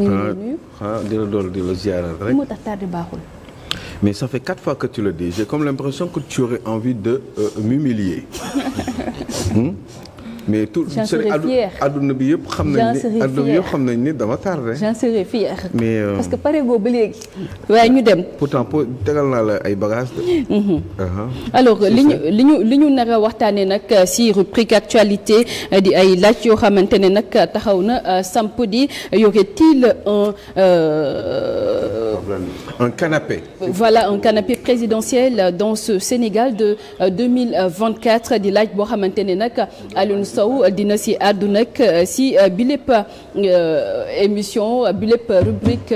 ñu ngi dool di la ziaral rek. moo tax tardé baaxul. mais ça fait quatre fois que tu le dis j'ai comme l'impression que tu aurais envie de euh, m'humilier. Hmm? mais tout àdduna bi yëpp bi yëpp xam nañ ni dama tardé. j'en serais fière mais euh, que pare goo ba léegi. waaye ñu dem pourtant po tegal naa la ay bagages de. Mhm. Uh-huh. alors li ñu li ñu li ñu nar waxtaanee nag euh, si rubrique actualité euh, di ay laaj yoo xamante ne nag taxaw na samp di y aurait-il un. un canapé. voilà un canapé présidentiel dans ce Sénégal de di laaj boo xamante ne nag Alioune Sow dina si àddu euh, si euh, bi euh, émission bi lépp rubrique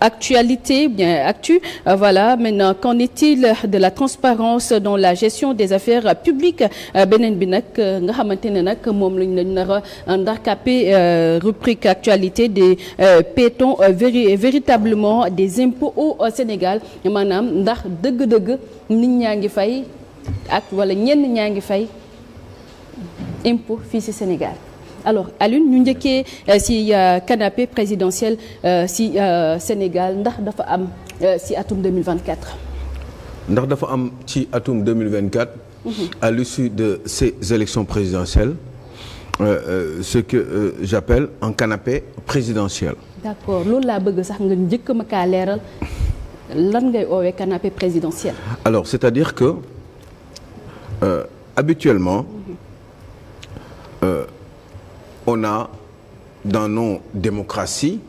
actualité bien actu voilà maintenant qu'en est-il de la transparence dans la gestion des affaires publiques beneen bi nag nga xamante ne nag moom lañ lañ nar a ndarkape rubrique actualité des paie-t-on véritablement des impôts au Sénégal maanaam ndax dëgg-dëgg nit ñaa ngi fay ak wala ñenn ñaa ngi fay impôt fii ci Sénégal alors Alioune ñu njëkkee ci euh, euh, canapé présidentiel ci euh, Sénégal ndax dafa am ci atum 2024 ndax dafa am ci atum 2024 à l'issue de ces élections présidentielles Euh, euh, ce que euh, j'appelle un canapé présidentiel. D'accord loolu laa bëgg sax nga njëkk ma kaa leeral lan ngay oowee canapé présidentiel. Alors c'est-à-dire que habituellement. euh, on a dans nos démocraties,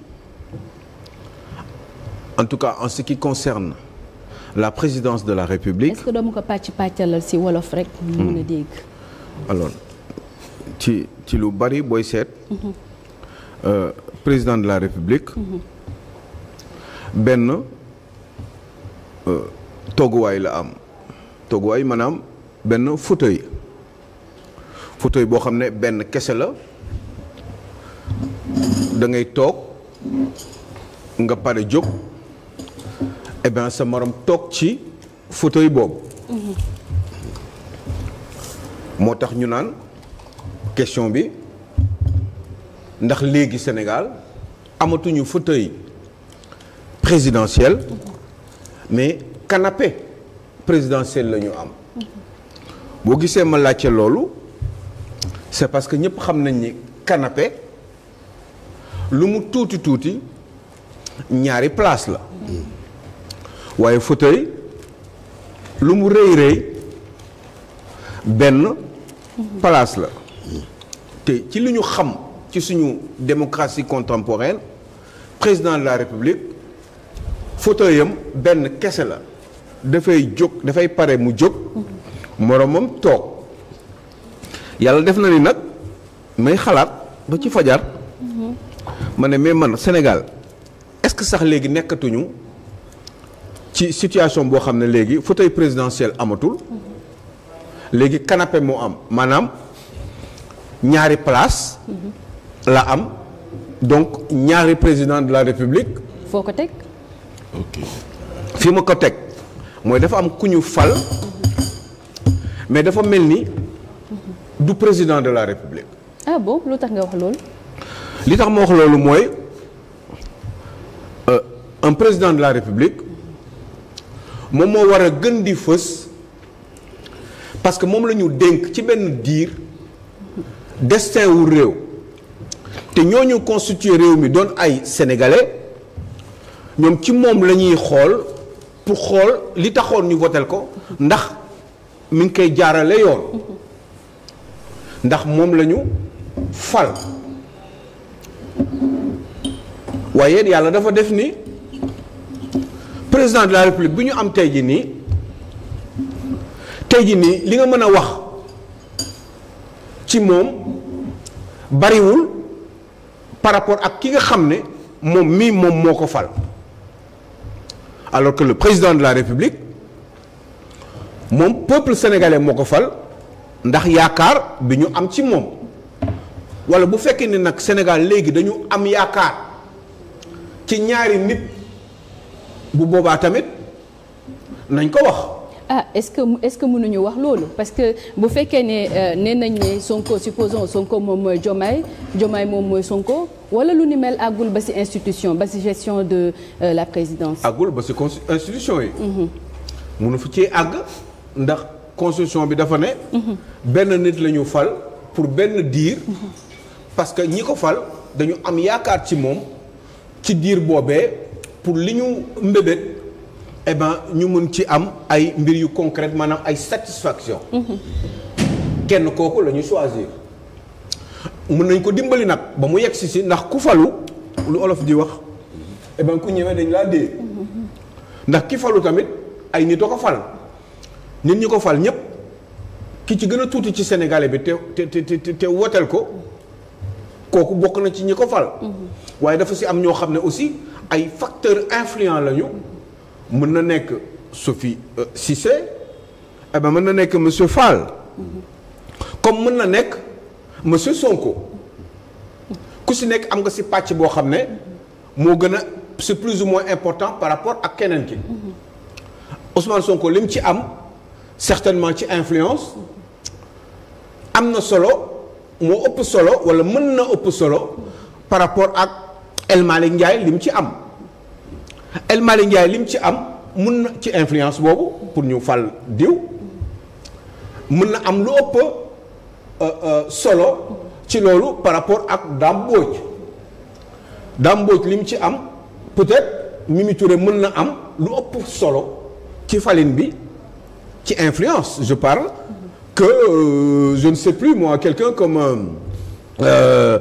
en tout cas en ce qui concerne la présidence de la République. est-ce que doo ma ko pàcc pàccalal si wolof rek. ñu mën a hmm. dégg. alors ci ci lu bari booy seet. Mhm. Euh, président de la République. Mhm. benn euh, tooguwaay la am tooguwaay maanaam benn fauteuil. fauteuil boo xam ne benn kese la da ngay toog nga pare jóg et eh sa morom toog ci fauteuil boobu. Mm-hmm. moo tax ñu naan question bi ndax léegi Sénégal amatuñu fauteuil présidentiel mm-hmm. mais canapé présidentiel la ñu am. Mm-hmm. boo gisee ma laajte loolu. c'est parce que ñëpp xam nañ ni canapé lu mu tuuti tuuti ñaari place la waaye fauteuil lu mu rëy rëy benn place la te ci lu ñu xam ci suñu démocratie contemporaine président de la république fauteuil am benn kese la dafay jóg dafay pare mu jóg moroomam toog yàlla def na ni nag may xalaat ba ci fajar. Mm-hmm. ma ne mais man Sénégal est-ce que sax léegi nekkatuñu ci situation boo xam ne léegi fauteuil présidentiel amatul. Mm-hmm. léegi kanape moo am maanaam ñaari place mm-hmm. la am donc ñaari président de la république. foo ko teg. ok fi ma ko teg mooy dafa am ku ñu fal mais dafa mel ni. du président de la république. ah lu tax nga wax loolu. li tax ma wax loolu mooy euh, un président de la république moom moo war a gën di fës parce que moom la ñu dénk ci benn diir destin wu réew te ñooñu constituer réew mi doon ay sénégalais ñoom ci moom la ñuy xool pour xool li taxoon ñu votel ko ndax mi ngi koy jaarale yoon. ndax moom lañu fal waaye yàlla dafa def ni président de la république bi ñu am tey ji nii tey ji nii li nga mën a wax ci moom bariwul par rapport ak ki nga xam ne moom mii moom moo ko fal alors que le président de la république moom peuple sénégalais moo ko fal ndax yaakaar bi ñu am ci moom wala bu fekkee ne nag Sénégal léegi dañu am yaakaar ci ñaari nit bu boobaa tamit nañ ko wax. ah est-ce que est-ce que mënuñu wax loolu parce que bu fekkee ne euh, nee nañ ne Sonko supposons Sonko moom mooy Diomaye Diomaye moom mooy Sonko wala lu ni mel àggul ba ci institution ba ci gestion de euh, la présidence. àggul ba ci institution yi. Mm-hmm. mënu fi ci àgg ndax. constitution bi dafa ne. benn nit la ñu fal pour benn diir. parce que ñi ko fal dañu am yaakaar ci moom ci diir boobee pour li ñu mbébét eh ñu mën ci am ay mbir yu concret maanaam ay satisfaction. kenn kooku la ñu choisir. mën nañ ko dimbali nag ba mu yegg si si ndax ku falu lu olof di wax eh ben ku ñëwee dañ laa dee. ndax ki falu tamit ay nit a ko fal. nit ñi ko fal ñëpp ki ci gën a tuuti ci Sénégalais bi te te te te woteel ko kooku bokk na ci ñi ko fal. Mm-hmm. waaye dafa si am ñoo xam ne aussi ay facteurs influents lañu mën na nekk Sophie euh, Cissé eh ben mën na nekk monsieur Fall. Mm-hmm. comme mën na nekk monsieur Sonko. ku si nekk am nga si pàcc boo xam ne mm-hmm. moo gën a c'est plus ou moins important par rapport ak keneen ki Ousmane Sonko lim ci am. certainement ci influence am na solo moo ëpp solo wala mën na ëpp solo par rapport ak El Malick Ndiaye lim ci am El Malick Ndiaye lim ci am mun na ci influence boobu pour ñu fal diw mën na am lu ëpp euh, euh, solo ci loolu par rapport ak Dame Mbodj Dame lim ci am peut-être Mimi Touré mën na am lu ëpp solo ci falin bi ci influence je parle que euh, je ne sais plus moi quelqu'un comme euh,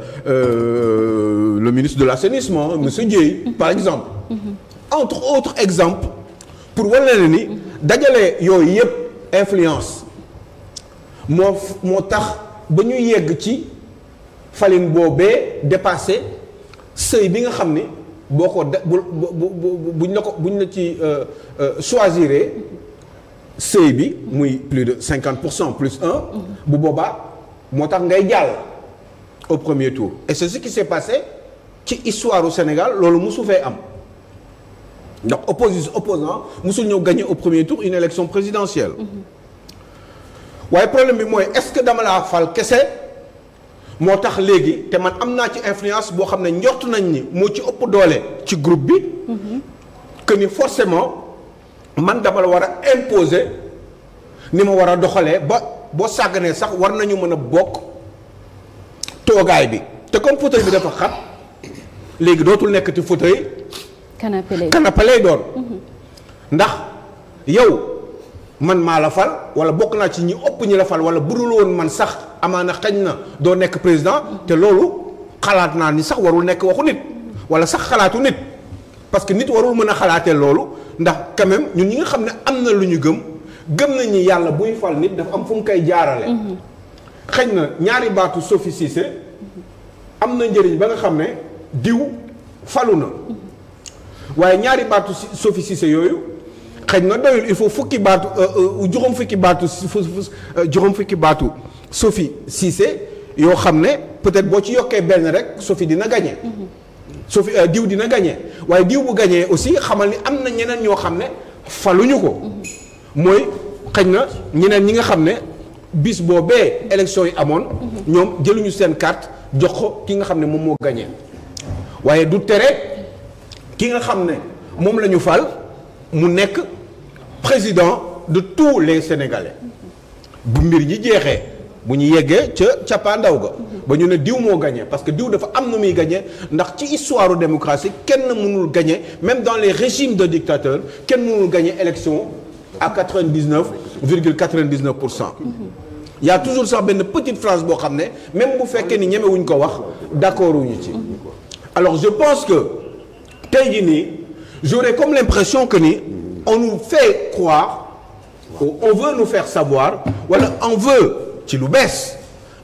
le ministre de l'assainissement monsieur Dièye par exemple entre autres exemples pour wane ne ni dajale yooyu yëpp influence moo moo tax ba ñu yegg ci falin boobee dépassé seuil bi nga xam ni boo ko da bu buñ la ko buñ la ci choisiree seuil bi muy plus de cinquante pour cent plus un. bu boobaa moo tax ngay jàll au premier tour. et c'est ce qui s'est passé ci histoire au Sénégal loolu mosu fee am ndax opposition opposant musul ñëw gagner au premier tour une élection présidentielle. Mm-hmm. waaye problème bi mooy est-ce que dama laa fal kese moo tax léegi te man am naa ci influence boo xam ne njort nañ ni moo ci ëpp doole ci groupe bi. Mm-hmm. que ni forcément. man dama la war a imposer ni ma war a doxalee ba boo sàgganee sax war nañu mën a bokk toogaay bi te comme fauteuil bi dafa xat léegi dootul nekk fauteuil. canapé lay canapé lay doon. Mhm. ndax yow man maa la fal wala bokk naa ci ñi ëpp ñi la fal wala budul woon man sax amaana xañ na doo nekk président te loolu xalaat naa ni sax warul nekk waxu nit wala sax xalaatu nit parce que nit warul mën a xalaatee loolu. ndax quand ñun ñi nga xam ne am na lu ñu gëm gëm nañu yàlla buy fal nit dafa am fu mu koy jaarale mhm. xëy na ñaari baatu Sophie Cissé am na njëriñ ba nga xam ne diw falu na waaye ñaari baatu Sophie Cissé yooyu xëy na doyul il faut fukki baatu euh, euh, juróom fukki baatu euh, juróom fukki baatu Sophie Cissé yoo xam ne peut-être boo ci yokkee benn rek sofi dina gañe su fi euh, diw dina gagné waaye diw bu gañee aussi xamal ni am na ñeneen ñoo xam ne faluñu ko. mooy xëy na ñeneen ñi nga xam ne bis boobee élection yi amoon. ñoom jëluñu seen carte jox ko ki nga xam ne moom moo gagné waaye du tere ki nga xam ne moom la ñu fal mu nekk président de tous les sénégalais bu mbir ñi jeexee. bu ñu yeggee ca cappaandaw ga ba ñu ne diw moo gagné parce que diw dafa am na muy gagné ndax ci histoire démocratie kenn mënul gagné même dans les régimes de dictateurs kenn mënul gagné élection à 99 virgule 99 pour cent y toujours sax benn petite phrase boo xam ne même bu fekkee ni ñemewuñ ko wax d'accord wuñu ci alors je pense que tey gi nii j'aurais comme l'impression que ni on nous fait croire on veut nous faire savoir wala voilà, on veut ci lu bees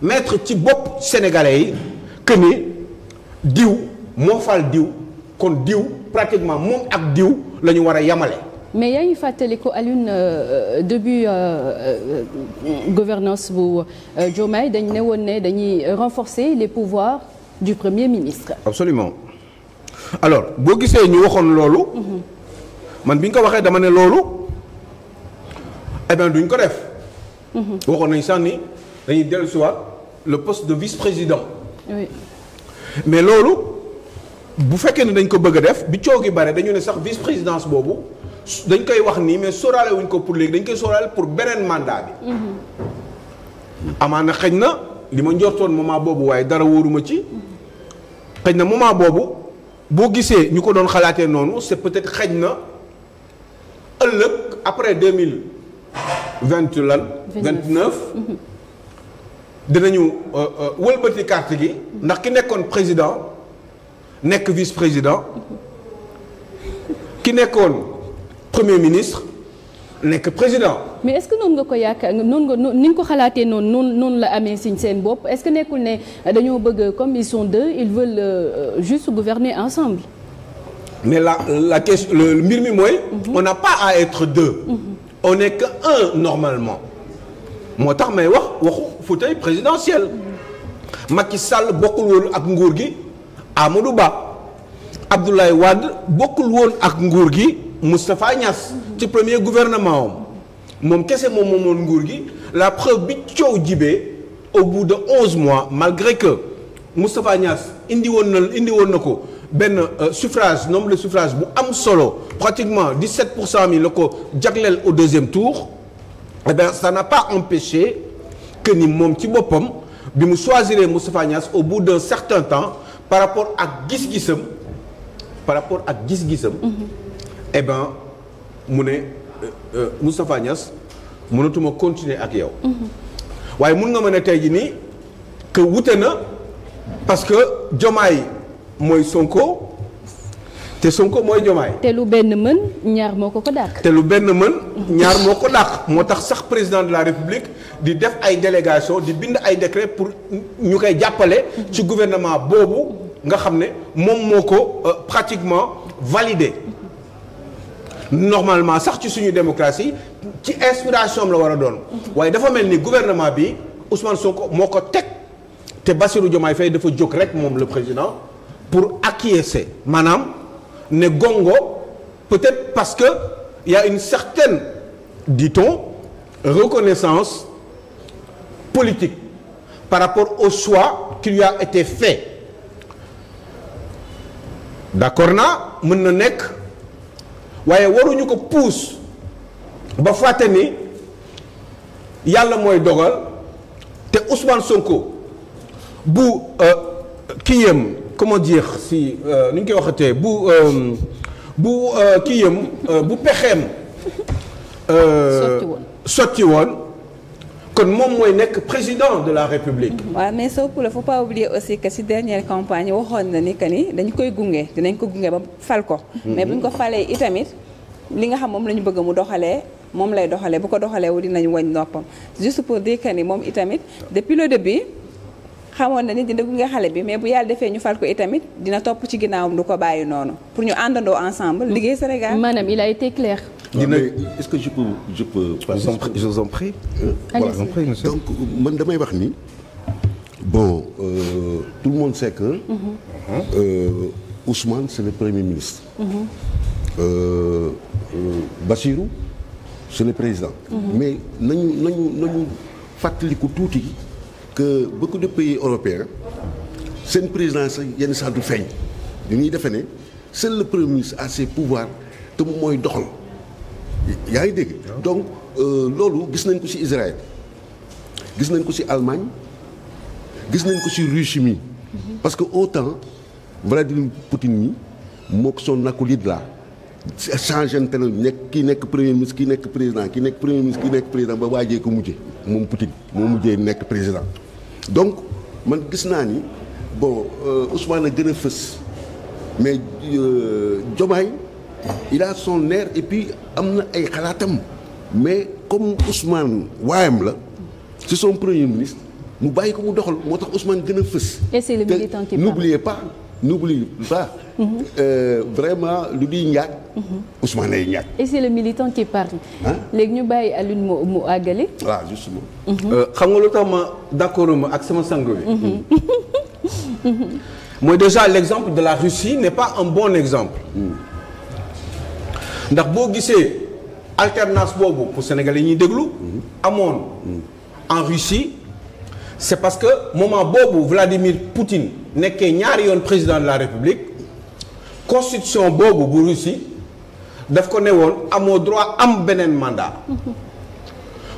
mettre ci bopp sénégalais yi que ni diw moo fal diw kon diw pratiquement moom ak diw la ñu war a yamale. mais yaa ngi fàttaliku Alioune euh, euh, début euh, gouvernance bu Diomaye dañ ne woon ne dañuy renforcer les pouvoirs du premier ministre. absolument alors boo gisee ñu waxoon loolu. Mhm. man bi ñu ko waxee dama ne loolu. eh bien duñ ko def. Mhm. waxoon nañ sànni. dañuy dellusiwaat le poste de vice-président. mais loolu bu fekkee ne dañ ko bëgg a def bi coow gi bare dañu ne sax vice-présidence boobu dañ koy wax nii mais sóoraale wuñ ko pour léegi dañ koy sóoraale pour beneen mandat bi. Mhm. amaana xëj na li ma njortoon moment boobu waaye dara wóoruma ci. xëj na moment boobu boo gisee ñu ko doon xalaatee noonu c'est peut-être xëj na ëllëg après deux mille vingt lan vingt dina dinañu euh, euh, wëlbati carte gi ndax ki nekkoon président nekk vice président ki nekkoon premier ministre nekk président. mais est-ce que noonu nga ko yaakaar noonu nga ni nga ko xalaatee noonu noonu noonu la amee si seen bopp est-ce que nekkul ne dañoo bëgg comme ils sont deux ils veulent euh, juste gouverner ensemble. mais la la question le mbir mi mooy. Mhm. on n'a pas à être deux. Mhm. on n'est un normalement. moo tax may wax waxu fauteuil présidentiel Macky Sall bokkul woon ak nguur gi Amadou Ba Abdoulaye Wade bokkul woon ak nguur gi Moustapha Niass ci premier gouvernement am moom kese moom moomoon nguur gi la preuve bi coow jibee au bout de mois malgré que Moustapha Niass indi woon na indi woon na ko benn euh, suffrage nombre de suffrage bu am solo pratiquement 17 pour cent mi la ko jagleel au deuxième tour eh bien ça n'a pas empêché que ni moom ci boppam bi mu choisir Moustapha Niass au bout d'un certain temps par rapport ak gis-gisam par rapport ak gis-gisam. Mm-hmm. eh bien mu ne euh, euh, Moustapha Niass mënatuma continuer ak yow. Mm-hmm. waaye mun nga mën a tey ji nii que wute na parce que Diomaye mooy Sonko. te Sonko mooy Diomaye. te lu benn mën ñaar moo ko ko dàq. te lu benn mën ñaar moo ko dàq moo tax sax président de la république di def ay délégation di bind ay décret pour ñu koy jàppale. ci gouvernement boobu nga xam ne moom moo ko euh, pratiquement validé. normalement sax ci suñu démocratie ci inspiration la war a doon. waaye dafa mel ni gouvernement bi Ousmane ko moo ko teg te Bassirou Diomaye Faye dafa jóg rek moom la président pour acquiescer maanaam. ne gongo peut-être parce que ya une certaine dit-on reconnaissance politique par rapport au choix qui lui a été fait d'accord naa mën na nekk waaye waruñu ko puus ba fàtte ni yàlla mooy dogal te Ousmane Sonko bu euh, kiyam comment dire si euh, nu ñu koy waxatee bu euh, bu euh, kii yam bu pexeem. sotti woon woon kon moom mooy nekk président de la république. waa mais soo pula faut pas oublier aussi que si dernière campagne waxoon na ni que ni dañ koy gunge dinañ ko gunge ba fal ko. Mhm. mais bu ñu ko falee itamit li nga xam moom la ñu bëgg mu doxalee. moom lay doxalee bu ko doxalee wu dinañ wañ noppam juste pour dire que ni moom itamit depuis le début. xamoon na ni dina gunge xale bi mais bu yàlla defee ñu fal ko itamit dina topp ci ginnaawam du ko bàyyi noonu pour ñu àndandoo ensemble liggéey Sénégal. maanaam il a été clair. dina est-ce que je peux je peux. je vous en man damay wax ni. bon euh, tout le monde sait que. Mm -hmm. premier ministre. Mm -hmm. euh, Bassirou c'est le président. Mm -hmm. mais nañu nañu nañu fàttaliku tuuti. que beaucoup de pays européens seen président sa yenn sax du feeñ dañuy defe ne seul le premier ministre a ses pouvoirs te moom mooy doxal yaa ngi dégg. Ah. donc euh, loolu gis nañ ko ci Israël gis nañ ko ci Allemagne gis nañ ko ci Russie mi mhm. parce que autant Vladimir Poutine yi mook son acolyte là changé na nekk kii nekk premier ministre kii nekk président kii nekk premier ministre kii nekk président ba waajee ko mujje moom Poutine moo mujjee nekk président. donc man gis naa ni bon euh, Ousmane a gën a fës mais jomaay euh, il son neer et puis am na ay xalaatam mais comme Ousmane waayam la c'est son premier ministre mu bàyyi ko mu doxal moo tax Ousmane gën a fës. et c'est le militant qui pas n'oublie pas. Mm -hmm. vraiment lu di ñàkk. Mhm. Ousmane ay ñàkk. et c'est le militant qui parle. léegi ñu bàyyi Alioune mu mu àggale. waaw ah, justement. Mhm. Euh, xam nga lu tax d'accord ma ak sama sango bi. Mhm. mooy déjà l'exemple de la Russie n'est pas un bon exemple. ndax boo gisee alternance boobu pour Sénégalais yi ñuy déglu. amoon en Russie c'est parce que moment boobu Vladimir Poutine. nekkee ñaari yoon président de la république constitution boobu bu Russie daf ko ne woon amoo droit am beneen mandat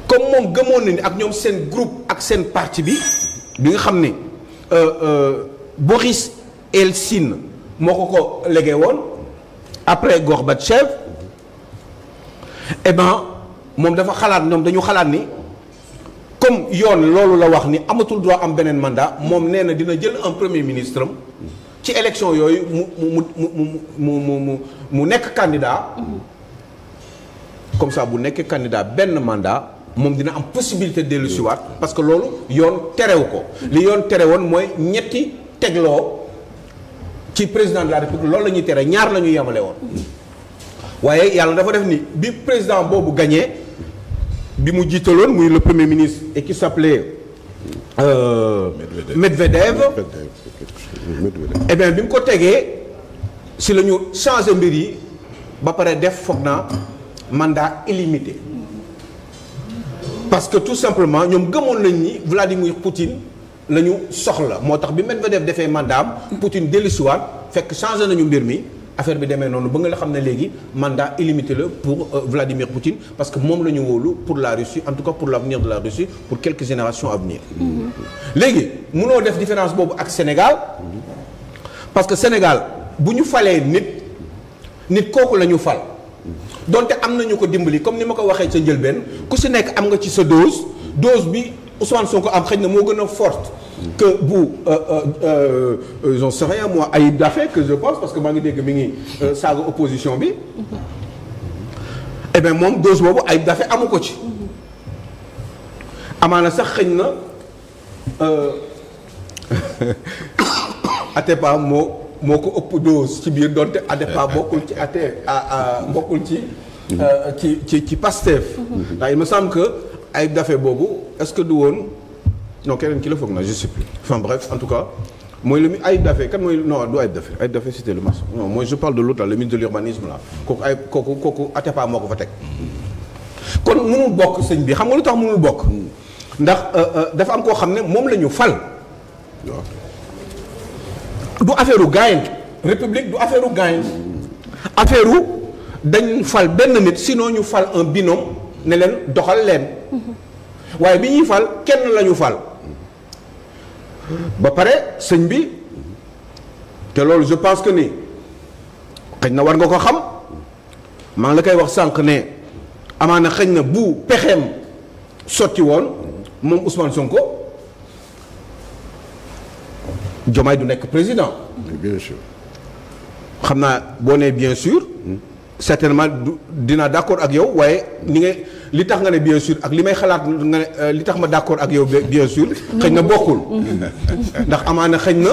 comme moom gëmoon na ni ak ñoom seen groupe ak seen parti bi bi nga xam ne euh, euh, Boris Eltsine moo ko ko légué woon après Gorbatchev eh ben moom dafa xalaat ñoom dañu xalaat ni comme yoon loolu la wax ni amatul droit am beneen mandat moom nee na dina jël un premier ministre ci élection yooyu mu mu mu mu mu mu nekk candidat comme sax bu nekkee candidat benn mandat moom dina am possibilité dellu waat parce que loolu yoon terewu ko li yoon tere woon mooy ñetti tegloo ci président de la république loolu la ñuy tere ñaar la ñu yemale woon waaye yàlla dafa def ni bi président boobu gañee bi mu jiitaloon muy le premier ministre et ki s'appelait euh, Medvedev et eh bi mu ko tegee si la ñu changé mbir yi ba pare def foog naa mandat illimité parce que tout simplement ñoom gëmoon nañ ni Vladimir Poutine la ñu soxla moo tax bi Medvedev defee mandaam Poutine dellusiwaat fekk changé nañu mbir mi affaire bi demee noonu ba nga la xam ne léegi mandat illimité la pour euh, Vladimir Poutine parce que moom la ñu wóolu pour la Russie en tout cas pour l'avenir de la Russie pour quelques générations à venir mm-hmm. léegi munoo def différence boobu ak Sénégal parce que Sénégal bu ñu falee nit nit kooku la ñu fal donte am nañu ko dimbali comme ni ma ko waxee sa njëlbeen ku si nekk am nga ci sa dose dose bi Ousmane Sonko am xëy na moo gën a forte que bu euh, euh, euh, j'en sais rien moi Ayib Daffé que je pense parce que maa ngi dégg mi ngi saaga opposition bi eh moom dose boobu Ayib dafe amu ko ci amaana sax xëñ na Atepa moo moo ko ëpp dose ci biir donte Atepa eh. bokkul ci ate bokkul ci mm-hmm. ci ci ci Pastef mm-hmm. ndax il me semble que Ayib Daffé boobu est-ce que du woon non keneen ki la foog na je plus enfin bref en tout cas mooy lu mu Ayib Daffé kan mooy non du Ayib Daffé Ayib Daffé c'était le maçon non de l'autre là de l'urbanisme là kooku bokk sëñ bi xam nga lu tax mënul bokk ndax euh, euh, dafa am koo xam ne moom lañu ñu fal du affaire u république du affaire u gaayen affaire u fal benn nit sinon ñu fal un binôme ne leen doxal leen mm-hmm. waaye bi ñuy fal kenn la fal ba pare sëñ bi te loolu je pense que ni xëñ na war nga ko xam maa ngi la koy wax sànq ne amaana xëñ na bu pexeem sotti woon moom Ousmane Sonko Diomaye du nekk président. bien xam naa boo nee bien sur hmm. certainement dina dinaa d'accord ak yow waaye ni nga. li tax nga ne bien sûr ak li may xalaat nga ne euh, li tax ma d'accord ak yow bien sûr xëñ na bokkul ndax amaana xëñ na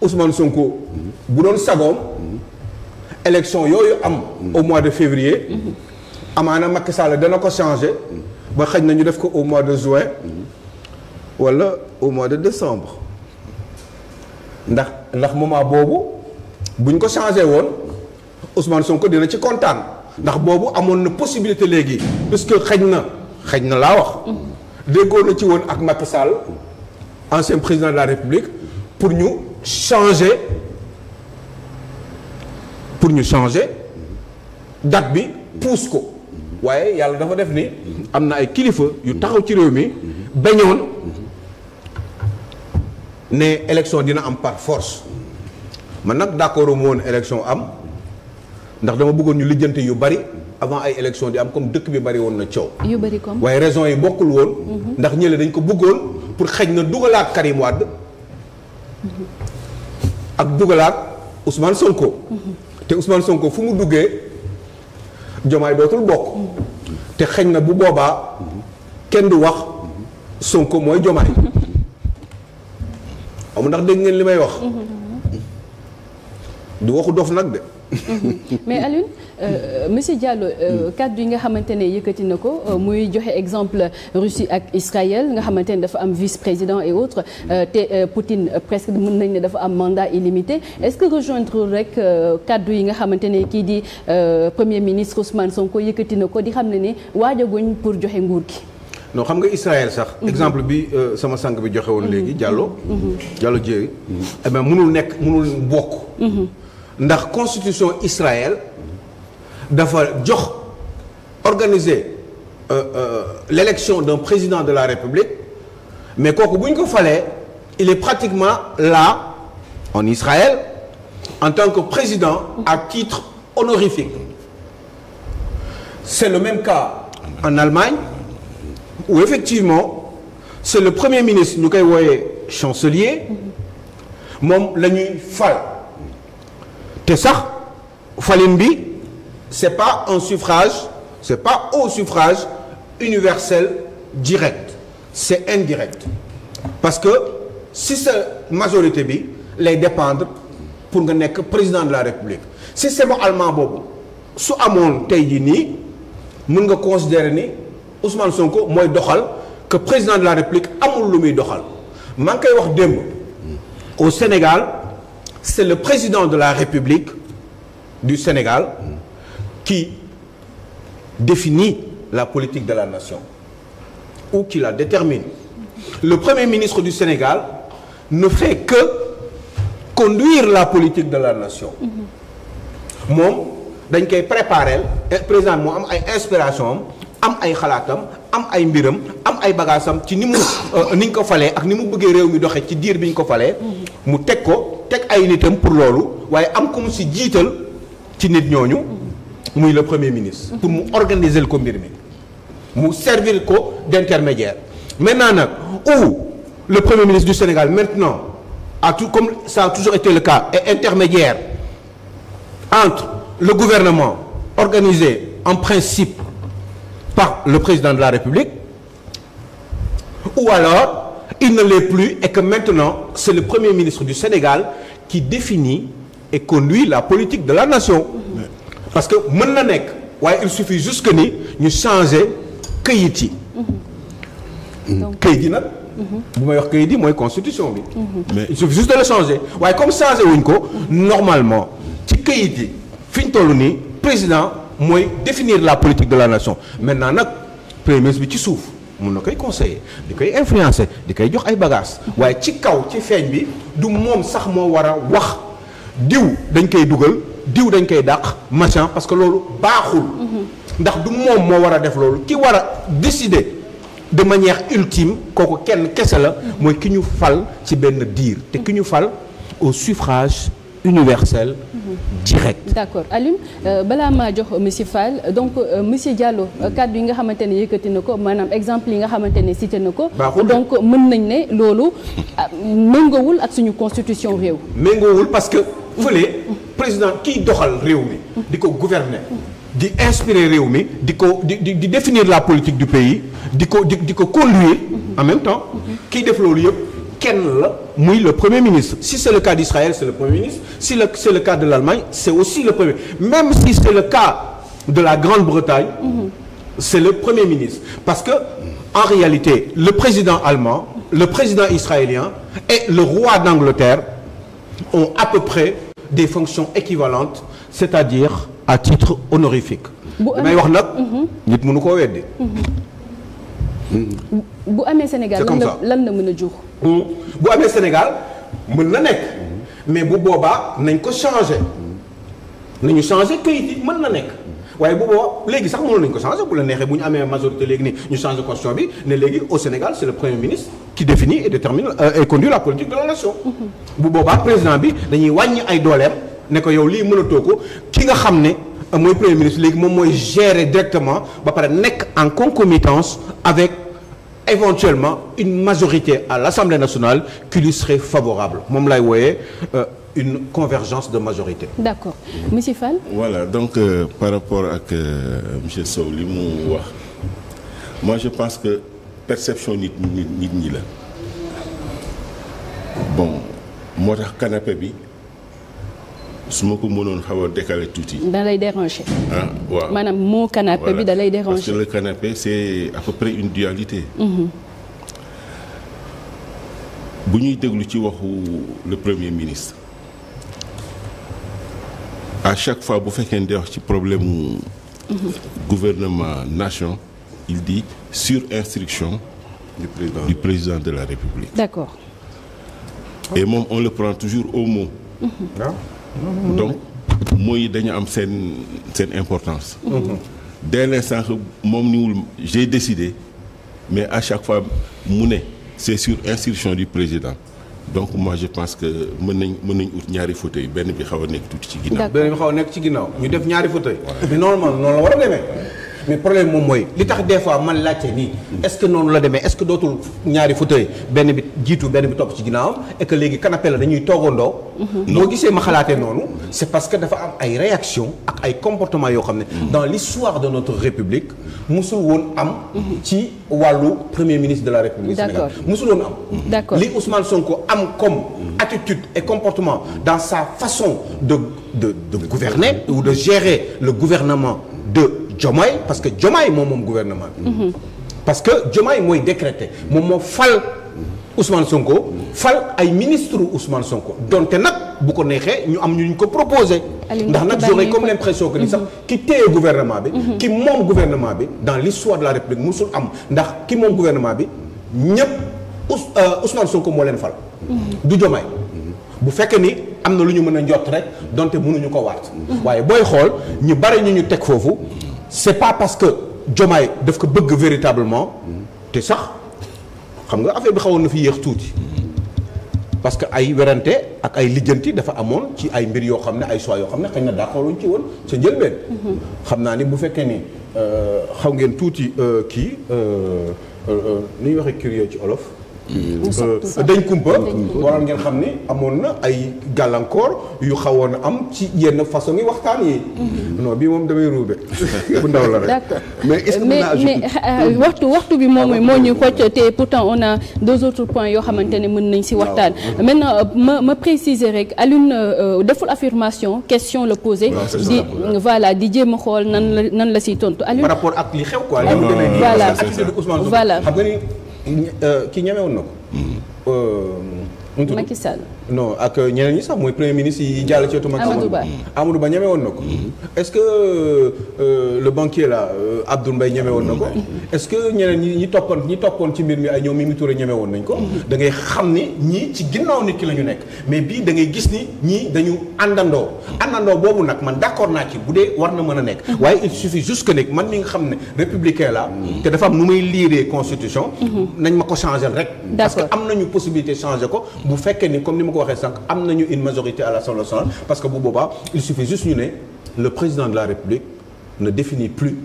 Ousmane Sonko bu doon sagoom élection yooyu am au mois de février amaana Macky Sall dana ko changer ba xëñ na ñu def ko au mois de juin wala au mois de décembre ndax ndax moment boobu buñ ko changé woon Ousmane Sonko dina ci kontaan ndax boobu amoon na possibilité léegi puisque xëj na xëj na laa wax déggoo na ci woon ak Macky Sall ancien président de la République pour ñu changer pour ñu changer date bi pousse ko waaye yàlla dafa def ni am na ay kilifa yu taxaw ci réew mi bañoon ne élection dina am par force man nag d'accord mu woon élection am ndax dama bëggoon ñu lijjante yu bari avant ay élection di am comme dëkk bi bari woon na coow. yu bari comme waaye raison yi bokkul woon. Mhm. ndax ñële dañ ko bëggoon pour xëj na dugalaat Karim Wade. Mhm. ak dugalaat usmaan Sonko. Mhm. te Ousmane Sonko fu mu duggee jomaay dootul bokk. te xëj na bu boobaa kenn du wax Sonko mooy jomaay. xam ndax dégg ngeen li may wax. du waxu dof nag de. mais Alioune euh, monsieur Diallo euh, kàddu yi nga xamante ne yëkkati na ko euh, muy joxe exemple Russie ak Israël nga xamante ne dafa am vice-président et autres euh, te Poutine presque mën nañ ne dafa am mandat illimité est-ce que rejoindre rek kàddu yi nga xamante ne kii di premier ministre Ousmane Sonko yëkkati na ko di xam ne ne waajaguñ pour joxe nguur gi. non xam nga Israël sax. Mhm. exemple bi sama sang bi joxe woon mhm. léegi Diallo. Mhm. Diallo Dieye. eh bien nekk mënul bokk. ndax constitution Israël dafa jox organiser euh, euh, l'élection d'un président de la République mais kooku bu ñu ko falee il est pratiquement là en Israël en tant que président à titre honorifique c'est le même cas en Allemagne où effectivement c'est le premier ministre ñu koy wooyee chancelier moom la ñuy fal te sax falin bi c'est pas un suffrage c'est pas au suffrage universel direct c'est indirect parce que si sa majorité bi lay dépendre pour nga nekk président de la république système allemand boobu su amoon tey jii nii mën nga considérer ni Ousmane Sonko mooy doxal que président de la république amul lu muy doxal maa ngi koy wax démb au Sénégal c'est le président de la République du Sénégal qui définit la politique de la nation ou qui la détermine. Le Premier ministre du Sénégal ne fait que conduire la politique de la nation. moom dañ koy préparer eh, président moo am ay inspiration am am ay xalaatam am ay mbiram am ay bagaasam ci ni mu euh, ni ñu ko fale ak ni mu bëggee réew mi doxee ci diir bi ñu ko fale mm-hmm. mu teg ko teg ay nitam pour loolu waaye am ku si jiital ci nit ñooñu muy le premier ministre pour mu organiser ko mbir mi mu servir ko d'intermédiaire maintenant nag ou le premier ministre du Sénégal maintenant a tout comme ça a toujours été le cas est intermédiaire entre le gouvernement organisé en principe par le président de la République ou alors il ne l'est plus et que maintenant c'est le premier ministre du Sénégal qui définit et conduit la politique de la nation parce que mën na nekk waaye il suffit juste que ni ñu changer kayit yi këyit yi nag mhm. bu may wax kayit yi mooy constitution bi mhm. mais il suffit juste de le changer waaye comme changer wuñ ko normalement ci kayit yi fi ñu toll nii président mooy définir la politique de la nation maintenant nag premier ministre bi ci suuf mun na koy conseiller di koy influencer di koy jox ay bagages waaye ci kaw ci feeñ bi du moom sax moo war a wax diw dañ koy dugal diw dañ koy dàq machin parce que loolu baaxul mm-hmm. ndax du moom moo war a def loolu ki war a décider de manière ultime kooku kenn kese la mm-hmm. mooy ki ñu fal ci benn diir te ki ñu fal au suffrage universel. Mhm. direct. d'accord Alioune euh, balaa maa jox monsieur Fall donc euh, monsieur Diallo euh, mhm. kàddu yi nga xamante ne yëkkati na ko maanaam exemple yi nga xamante ne cité na ko. donc mën nañ ne loolu ah, méngoowul ak suñu constitution réew. méngoowul parce que fële président kiy doxal réew mi. di ko gouverner. di inspirer réew mi di ko di di définir la politique du pays di ko di di ko conduire en même temps mhm. kiy def loolu yëpp. kenn la muy le premier ministre si c'est le cas d'Israël c'est le premier ministre si le c'est le cas de l'Allemagne c'est aussi le premier même si c'est le cas de la Grande-Bretagne c'est le premier ministre parce que en réalité le président allemand le président israélien et le roi d'Angleterre ont à peu près des fonctions équivalentes c'est-à-dire à titre honorifique. may wax nag mhm. nit mënu koo bu amee Sénégal lan la lan la mën a jur. Hmm. bu amee Sénégal mën na nekk. mais bu boobaa nañ ko changer. nañu changer kayit yi mën na nekk. waaye bu boobaa léegi sax mënoon nañu ko changer bu la neexee bu ñu amee majorité léegi nii ñu changer constitution bi ne léegi au Sénégal c'est le premier ministre qui définit et détermine euh, et conduit la politique de la nation. Mm-hmm. bu boobaa président bi dañuy wàññi ay dooleem ne ko yow lii mënatoo ko ki nga xam ne. mooy premier ministre léegi moom mooy gérer directement ba pare nekk en concomitance avec éventuellement une majorité à l'Assemblée nationale qui lui serait favorable moom lay wooyee euh, une convergence de majorité. d'accord si Fall. voilà donc euh, par rapport ak euh, monsieur Sow li mu wax moi je pense que perception nit nit nit ñi la bon moo tax canapé bi. su ma ko mënoon xaw a décaler tuuti. da lay déranger. ah waaw moo canapé bi lay déranger. parce que peu près une dualité. Mm-hmm. bu ñuy déglu ci waxu le premier ministre à chaque fois bu fekkee di wax ci problème mu. Mm-hmm. gouvernement nation. il dit sur instruction. du président de la république. d' et moom on le prend toujours au mot. Mm-hmm. donc mooy dañu am seen seen importance. dès l'instant que moom niwul j'ai décidé mais à chaque fois mu ne c'est sur instruction du président. donc moi je pense que mën nañ mën nañ ut ñaari fauteuil benn bi xaw a nekk tuuti ci ginnaaw. benn bi xaw a nekk ci ginnaaw. ñu def ñaari fauteuil mais normalement noonu la war a demee. mais problème moom mooy li tax des fois man laajte nii est-ce que noonu la demee est-ce que dootul ñaari fauteuil benn bi jiitu benn bi topp ci ginnaawam et que léegi canapé la dañuy toogandoo moo mm-hmm. gisee ma xalaatee noonu c'est parce que dafa am ay réaction ak ay comportement yoo xam ne mm-hmm. dans l'histoire de notre république musul woon am mm-hmm. ci wàllu premier ministre de la république Sénégal musul woon am li Ousmane Sonko am comme attitude et comportement dans sa façon de de de gouverner ou de gérer le gouvernement de Diomaye parce que Diomaye moom moom gouvernement bi mhm. parce que Diomaye mooy décrété moom moo fal Ousmane Sonko fal ay ministre Ousmane Sonko donte nag bu ko neexee ñu am ñu ñu ko proposé ndax nag j'aurais comme l'impression que ni sax mhm. ki téye gouvernement bi mhm. ki moom gouvernement bi dans l'histoire de la République musul am ndax ki moom gouvernement bi ñëpp euh, Ousmane Sonko moo leen fal du Diomaye bu fekkee ni am na lu ñu mën a njott rek donte munuñu ko waat waaye booy xool ñu bari ñu ñu teg foofu c'est pas parce que Diomaye daf ko bëgg véritablement te sax xam nga affaire bi xawoon na fi yéex tuuti parce que ay werante ak ay lijjanti dafa amoon ci ay mbir yoo xam ne ay choix yoo xam ne xëy na daa xawluñ ci woon sa njëlbeen xam naa ni bu fekkee ni euh, xaw ngeen tuuti euh, kii euh, nu ñuy waxee curieux ci olof Euh, dañ kumpa waroon ngeen xam ne amoon na ay gàllankoor yu xawoon am ci yenn façon yi waxtaan yi mhm. non bii moom damay ruube bu mais est euh, waxtu waxtu bi moom moo ñu xocc te pourtant on a deux autres points yoo xamante ne mën nañ si waxtaan maintenant euh, ma ma préciser rek Alioune deful affirmation question la posée di voilà di jéem xool nan la nan la siy tontu Alioune par rapport ak li xew quoi voilà voilà xam nga ni ki euh, ñeme woon na ko. Hmm. Euh, Macky Sall. non ak ñeneen ñi sax mooy premier ministre yi jàll ci wetu mag Ba Amadou Ba ñeme woon na ko mm-hmm. est-ce que euh, le banquier là euh, Abdoul Mbaye ñeme woon na ko mm-hmm. est-ce que ñeneen ñi ñi toppoon ñi toppoon ci mbir mi ay ñoom Mimi Touré ñeme woon nañ ko mm-hmm. da xam ni ñii ci ginnaaw nit ki la ñu nekk mais bii da ngay gis ni ñii dañu àndandoo àndandoo boobu nag man d'accord naa ci bu dee war na mën a nekk waaye il suffit juste que nekk man mi nga xam ne républicain la te dafa am nu may liire constitution nañ ma ko changer rek parce que ko ko waxee sànq am nañu une majorité à l'Assemblée nationale parce que bu boobaa il suffit juste ñu ne le président de la République ne définit plus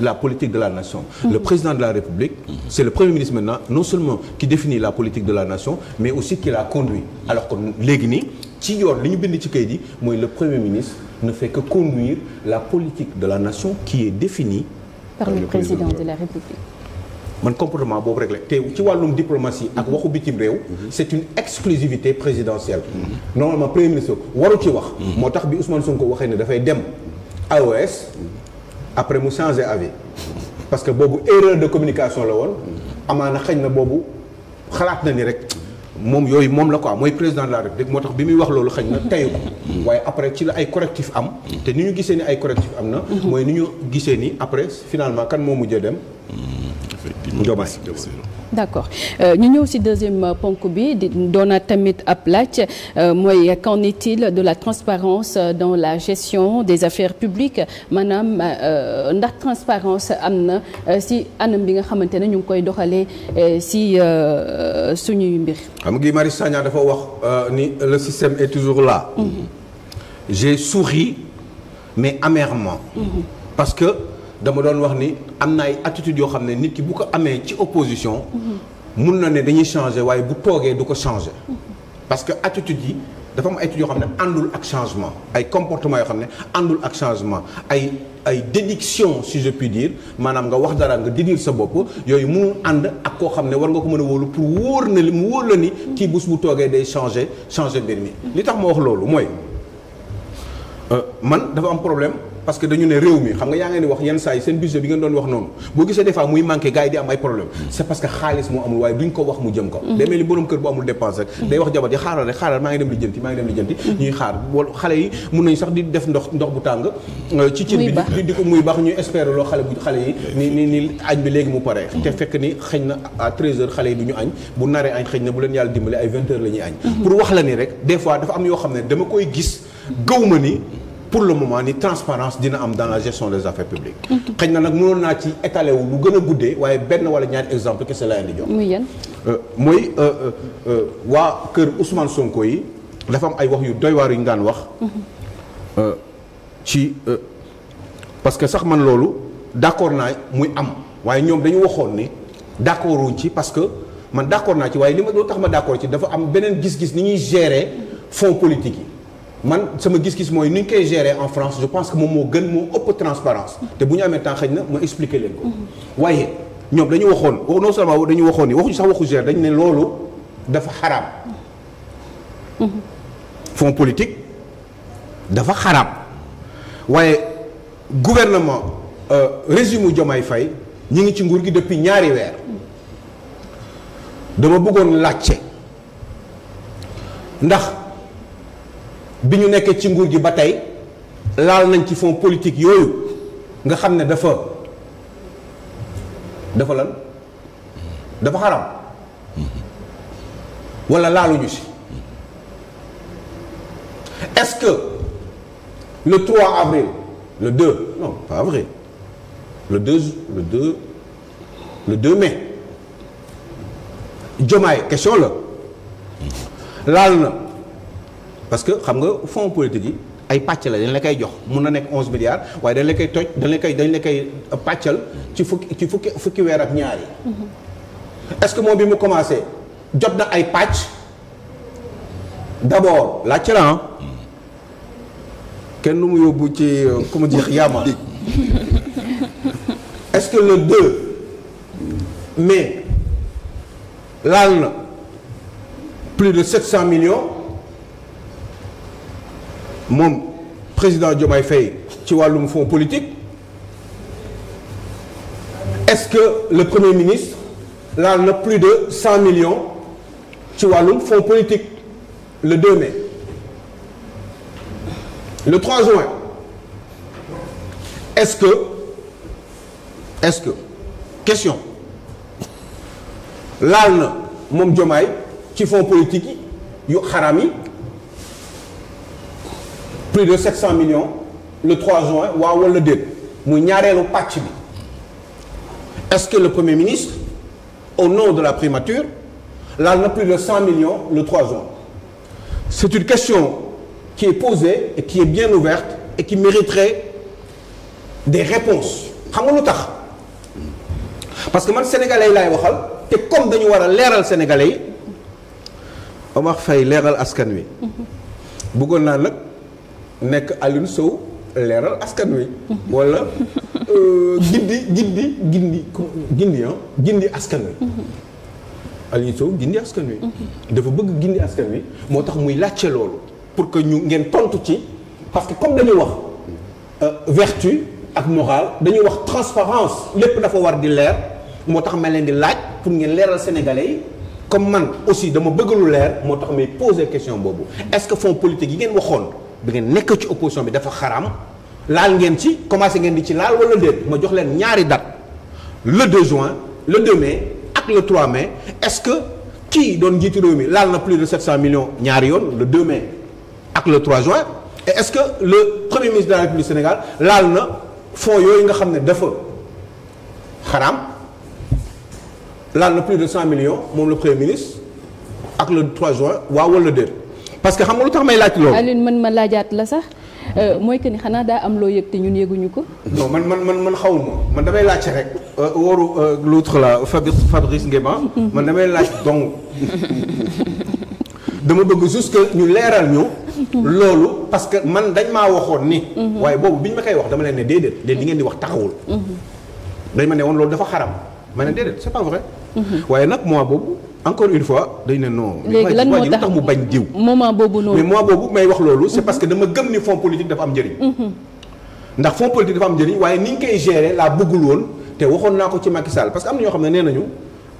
la politique de la nation. Mm-hmm. Le président de la République, mm-hmm. c'est le Premier ministre maintenant, non seulement qui définit la politique de la nation, mais aussi qui la conduit. Alors que léegi ci yoon li ñu bind ci kayit yi mooy le Premier ministre ne fait que conduire la politique de la nation qui est définie par le président man comportement boobu rek la te ci wàllum diplomatie ak waxu bitim réew. c'est une exclusivité présidentielle. normalement premier ministre waru ci wax. moo tax bi Ousmane ko waxee ne dafay dem AOS après mu changer avis parce que boobu erreur de communication la woon amaana xëy na boobu xalaat na ni rek. moom yooyu moom la quoi mooy président de la moo tax bi muy wax loolu xëy na tey ko waaye après ci la ay correctif am te ni ñu gisee ni ay correctif am na mooy ni ñu gisee ni après finalement kan moo mujjee dem Diomaye d'accord euh, ñu ñëw ci deuxième ponk bi donna tamit ab laaj euh, mooy qu'en est-il de la transparence dans la gestion des affaires publiques maanaam euh, ndax transparence am na si anam bi nga xamante ne ñu ngi koy doxalee si ci suñuy mbir xam nga Marie Sagna dafa wax ni le système est toujours là mm-hmm. j'ai souri mais amèrement mm-hmm. parce que dama doon wax ni am na ay attitude yoo xam ne nit ki bu ko amee ci opposition. mun na ne dañuy changer waaye bu toogee du ko changer. parce que attitude yi dafa am ay attitude yoo xam ne àndul ak changement ay comportement yoo xam ne àndul ak changement ay ay dédiction si je puis dire maanaam nga wax dara nga dédil sa bopp yooyu mënul ànd ak koo xam ne war nga ko mën a wóolu pour wóor na li mu wóor la ni kii bés bu toogee day changer changer mbir mi. li tax ma wax loolu mooy euh, man dafa am problème. parce que dañu ne réew mi xam nga yaa ngeen di wax yenn saa yi seen budget bi ngeen doon wax noonu boo gisee des fois muy manqué gars yi di am ay problème hmm. c'est parce que xaalis moo amul waaye duñ ko wax mu jëm ko hmm. day mel ni kër bu amul dépense rek hmm. day wax jabar yi xaaral rek xaaral maa ngi dem lijjanti maa ngi dem lijjanti ñuy xaar wala xale yi mun nañ sax di def ndox ndox bu tàng euh, ci cin bi di ko muy baax ñuy espérer loo xale bu xale yi ni ni ni añ bi léegi mu pare fekk ni na à 13 heures xale yi du ñu naree añ xëñ na bu leen yàlla dimbale ay 20 heures la ñuy añ pour rek des fois dafa am yoo xam ne dama koy gis gëw ma ni pour le moment ni transparence dina am dans la gestion des affaires publiques xëy na nag mënoon naa ci étaler wu lu gën a guddee waaye benn wala ñaari exemple kese laa indi jox euh, mooy euh, euh, waa kër Ousmane Sonko yi dafa am ay wax yu doy waar yu ñu daan wax mhm. ci parce que sax man loolu d'accord naa muy am waaye ñoom dañu waxoon ni d'accord wuñ ci parce que man d'accord naa ci waaye li ma doo tax ma d'accord ci dafa am beneen gis-gis ni ñuy gérer fonds politique yi man sama gis-gis mooy ni ñu koy gérer en France je pense que moom moo gën moo ëpp transparence te bu ñu amee temps xëy na ma expliquer leen ko. waaye ñoom dañu waxoon non seulement dañu waxoon ni waxuñu sax waxu gérer dañu ne loolu dafa xaraam. fonds politique dafa xarab waaye gouvernement euh, régime u Diomaye Faye ñi ngi ci nguur gi depuis ñaari weer dama bëggoon laajte ndax. bi ñu nekkee ci nguur gi ba tey laal nañ ci fond politique yooyu nga xam ne dafa dafa lan dafa xaram walla laaluñu si est-ce que le 3 avril le 2 non pas avril le 2 le 2 le 2 mai Diomaye question la laal na. parce que xam nga fonds politique yi ay pàcc la dañ la koy jox mun na nekk onze milliards waaye dañ la toj dañ la koy dañ la koy pàccal ci fukki ci fukki fukki weer ak ñaar yi est-ce que moom bi mu commencé jot na ay pàcc d'abord laaj ci la ah. kenn du mu yóbbu ci comment euh, dire yaama est-ce que le deux mais laal na plus de sept cent million mom président Diomaye fay ci wàllum fonds politique est-ce que le premier ministre laal na plus de cent millions ci wàllum fonds politique le deux mai le 3 juin est-ce que est-ce que question laal na moom Diomaye ci fonds politique yi yu xaram yi plus de 700 millions le 3 juin waaw wala déet muy ñaareelu pàcc bi est-ce que le premier ministre au nom de la primature laal na plus de 100 millions le 3 juin c'est une question qui est posée et qui est bien ouverte et qui mériterait des réponses xam nga lu tax parce que man sénégalais yi laay waxal te comme dañu war a leeral sénégalais yi Omar Faye leeral askan wi bëggoon naa nag. nekk Alioune Sow leeral askan wi. wala euh, gindi gindi gindi ah, gindi askan wi. Alioune Sow gindi askan wi. dafa bëgg gindi askan wi moo tax muy laajte loolu pour que ñu ngeen tontu ci parce que comme dañu wax euh, vertu ak morale dañuy wax transparence lépp dafa war di leer moo tax ma leen di laaj pour ngeen leeral sénégalais yi. comme man aussi dama bëggalu leer moo tax may poser question boobu est-ce que fonds politique yi ngeen waxoon. bi ngeen nekk ci opposition bi dafa xaram laal ngeen ci commencé ngeen di ci laal wala déet ma jox leen ñaari date le 2 juin le 2 mai ak le trois mais est-ce que kii doon njiitu réew mi laal na plus de 700 millions ñaari yoon le 2 mai ak le 3 juin et est-ce que le premier ministre de la République du laal na fonds yooyu nga xam ne dafa xaraam laal na plus de 100 millions moom le premier ministre ak le trois juin waaw wala déet. parce que xam nga lu tax may laaj loolu. Alioune man ma laajaat la sax euh, mooy que ni xanaa daa am loo yëg te ñun yëguñu ko. non man man man man xaw ma man damay laaj rek. Euh, wóoru euh, l'autre là Fabrice Fabrice Ngéba. man damay laaj dong. dama bëgg juste que ñu leeral ñu. loolu parce que man dañ maa waxoon ni. waaye boobu bi ñu ma koy wax dama leen ne déedéet déedéet li ngeen di wax taxawul. Mhm. dañ ma ne woon loolu dafa xaram ma ne déedéet c'est pas vrai. Mhm. waaye nag mois boobu. encore une fois dañ ne non. léegi lan moo tax mu bañ jiw. moment boobu noonu mais moment boobu may wax loolu. c'est mm-hmm. parce que dama gëm ni fonds politique dafa am njëriñ. Mm-hmm. ndax fonds politique dafa am njëriñ waaye ni ñu koy gérer laa bëggul woon te waxoon naa ko ci Macky Sall parce que am na ñoo xam ne nee nañu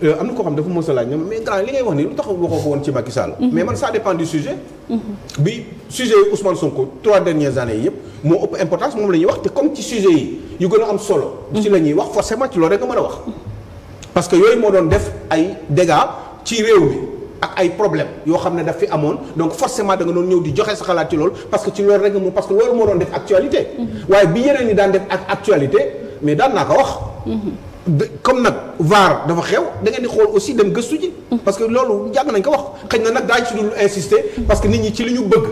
euh, am na koo xam dafa mos a laaj ñoom mais grand li ngay wax nii lu tax waxoo ko woon ci Macky Sall. Mm-hmm. mais man ça dépend du sujet. yëpp moo ëpp moom wax te comme ci sujet a solo. la ñuy wax forcément ci loolu rek a wax. parce que yooyu moo doon def ay dégâts ci réew mi ak ay problème yoo xam ne daf fi amoon donc forcément da nga doon ñëw di joxe sa xalaat ci loolu parce que ci loolu rek moom parce que loolu moo doon def actualité. Mm-hmm. waaye bi yeneen yi daan def ak actualité mais daan naa ko wax. Mm-hmm. comme nag vaar dafa xew da ngeen di xool aussi dem gëstu ji. Mm-hmm. parce que loolu jàng nañ ko wax xëy na nag daañu si dul insister. parce que nit ñi ci li ñu bëgg.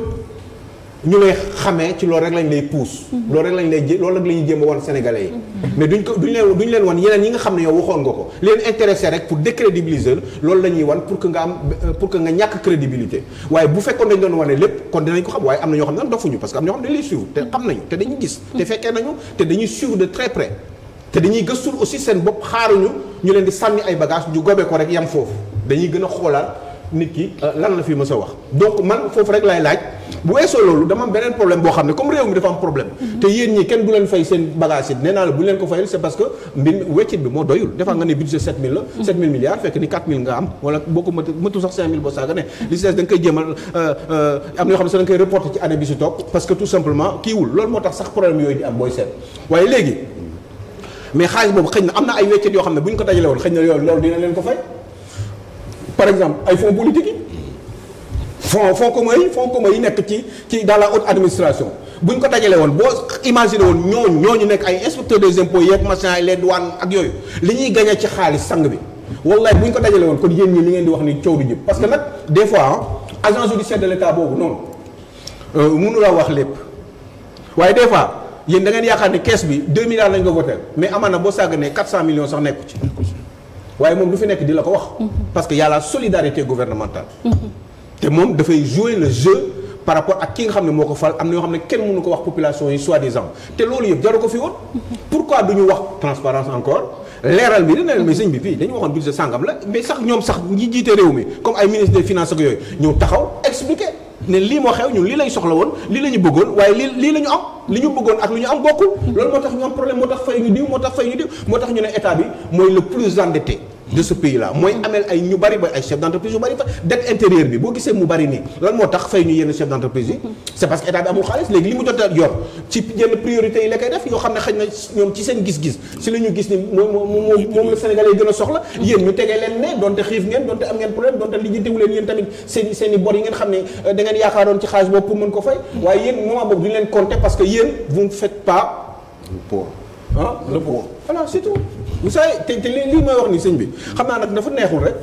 ñu lay xamee ci loolu rek lañ lay puus. loolu rek lañ lay jé loolu rek la ñuy jéem wan sénégalais yi. mais duñ ko duñ leen leen wan yeneen yi nga xam ne yow waxoon nga ko leen intéressé rek pour décrédibiliser loolu la ñuy wan pour que nga am pour que nga ñàkk crédibilité waaye bu fekkoon dañ doon wane lépp kon dinañ ko xam waaye am na ñoo xam ne nag dofuñu parce que am ñoo xam ne suivre te xam nañu te dañuy gis. te fekkee nañu te dañuy suivre de très près te dañuy gëstul aussi seen bopp xaaruñu ñu leen di sànni ay bagages ñu gobe ko rek yam foofu dañuy gën a xoolaat nit ki euh, lan la fi mës a wax donc man foofu rek lay laaj bu weesoo loolu dama beneen problème boo xam ne comme réew mi dafa am problème te yéen ñi kenn du leen fay seen bagage yi naa la bu leen ko fayal c'est ne budget 7000 la 7000 mm-hmm. milliards fekk ni 4000 nga am que tout simplement kiiwul loolu moo tax sax problème yooyu waaye léegi mais xaalis boobu xëy na am na ay weccit yoo xam ne bu ñu ko dajale woon na loolu dina leen ko fay par exemple ay fonds politique yi fonds fonds commun yi fonds commun yi nekk ci ci dans la haute administration bu ñu ko dajale woon boo imaginer woon ñooñu ñooñu nekk ay inspecteurs des impôts yeeg machin ay les douanes ak yooyu li ñuy gañe ci xaalis sang bi wallaay bu ñu ko dajale woon kon yéen ñi li ngeen di wax ni coow du jëpp parce que nag des fois ah, agence judiciaire de l'État boobu noonu euh, mënu la wax lépp waaye des fois yéen da ngeen yaakaar ne caisse bi 2 milliards lañ ko voté mais amaan na boo sàgg ne 400 millions sax nekku ci waaye moom du fi nekk di la ko wax. Mhm. parce que y a la solidarité gouvernementale. Mhm. te moom dafay jouer le jeu. par rapport ak ki nga xam ne moo ko fal am na yoo xam ne kenn mënu ko wax population yi soi-disant te loolu yëpp jaru ko fi woon. Mhm. pourquoi du ñu wax transparence encore leeral bi dina leen mais sëñ bi fii dañu waxoon budget sàngam la mais sax ñoom sax ñi jiite réew mi comme ay ministre des finances ak yooyu ñëw taxaw expliqué ne lii moo xew ñun woon lii la ñu bëggoon waaye lii lii la ñu am li ñu bëggoon ak li ñu am bokkul. loolu moo tax ñu am problème moo tax fay ñu de ce pays là mooy ameel ay ñu bari ba ay chef d' yu bari fa dette intérieure bi boo gisee mu bari nii lan moo tax fay ñu yenn chef d' yi mm-hmm. c' est parce bi amul xaalis léegi li mu jot a yor ci yenn priorité yi la def yoo xam ne xëy na ñoom ci seen gis-gis si la ñu gis ni moom moom la sénégalais yi gën a soxla mm-hmm. yéen ñu tegee leen ne donte xiif ngeen donte am ngeen problème donte lijjantiwu leen yéen tamit seen seen i yi ngeen ne euh, da ngeen yaakaaroon ci xaalis boobu pour mën ko fay mm-hmm. voilà c'est tout vous savez te te lii lii may wax nii sëñ bi xam naa nag dafa neexul rek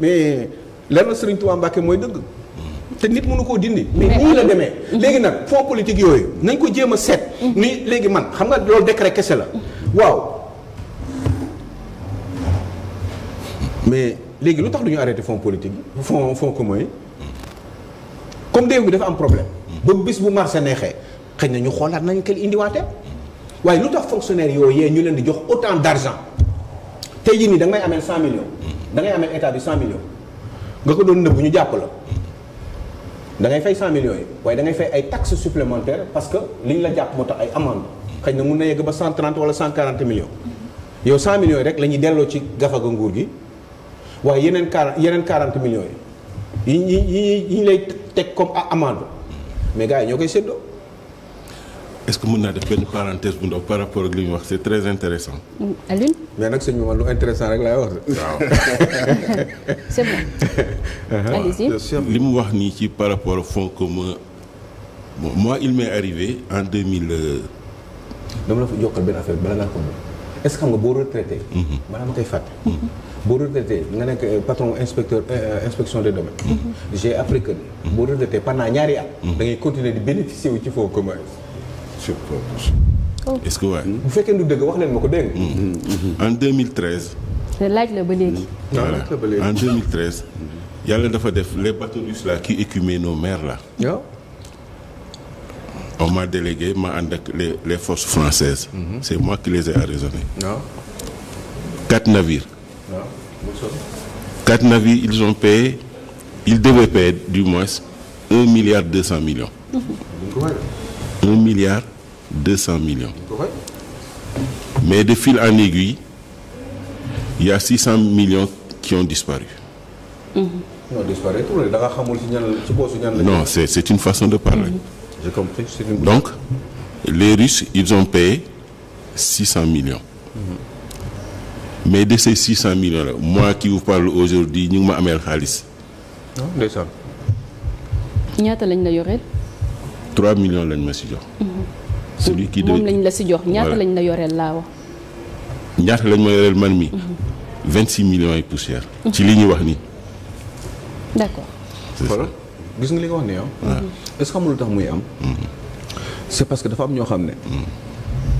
mais lenn Serigne Touba Mbacké mooy dëgg te nit mënu koo dindi mais nii la demee léegi nag fonds politique yooyu nañ ko jéem a seet nii léegi man xam nga loolu décret kese la waaw mais léegi lu tax du ñu arrêté fonds politique yi fonds fonds commun yi comme déew bi dafa am problème ba bis bu marché neexee xëy nañu ñu xoolaat nañ kel indiwaatee waaye lu tax fonctionnaire yooyu ñu leen di jox autant d' argent tey jii nii da amee ameel 100 millions da ngay ameel état bi 100 millions nga ko doon nëbb ñu jàpp la da ngay fay 100 millions yi waaye da ngay fay ay taxes supplémentaires parce que li ñu la jàpp moo tax ay amende xëy na mun na yegg ba 130 wala 140 millions yow 100 millions yi rek la ñuy delloo ci gafaga nguur gi waaye yeneen 40 yeneen 40 millions yi yi yi yi ñu lay teg comme amende mais ñoo koy séddoo. est-ce que mën naa def benn parenthèse bu ndaw par rapport ak li ñu wax c'est très intéressant mais nag sëñ bi man lu intéressant rek li mu wax nii ci par rapport ak fonds commun bon moi il m'est arrivé en de mille. Euh, dama la fa yokkal benn affaire bala nga boo retraité. maanaam mhm. ma koy fàtte. Mhm. boo retraité nga nekk euh, patron inspecteur euh, inspection de domaines. Mhm. j'ai appris que boo retraité pendant ñaari at. da ngay continuer di bénéficier wu ci fonds commun. sur propos. bu oh. fekkee du dëgg ko mm-hmm. Mm-hmm. en 2013. te mm-hmm. laaj la ba léegi. en 2013. yàlla dafa def les bateaux russes là qui écumaient nos mers là. waaw. on m'a délégué ma ànd ak les les forces françaises. Mm moi qui les ai arraisonnés. waaw. quatre navires. quatre navires ils ont payé ils devaient payer du moins un milliard milliard. deux cent millions mais de fil en aiguille il y a six cent millions qui ont disparu. Mm-hmm. non la. non c'est c'est une façon de parler. Mm-hmm. donc les Russes ils ont payé cent millions. Mm-hmm. mais de ces six cent millions là moi qui vous parle aujourd'hui ñu ngi ma ameel xaalis. ndeysaan. ñaata lañ la yoreel. celui qui moom lañ la si jox ñaata lañu la yoreel laa wax. ñaata lañ ma yoreel man mi mhm. vingt six millions yi poussière. Mhm. ci li ñuy wax ni d' accord. gis nga li nga wax ne yow. est ce que amul lu tax muy am. Mhm. c' est parce que dafa am ñoo xam ne.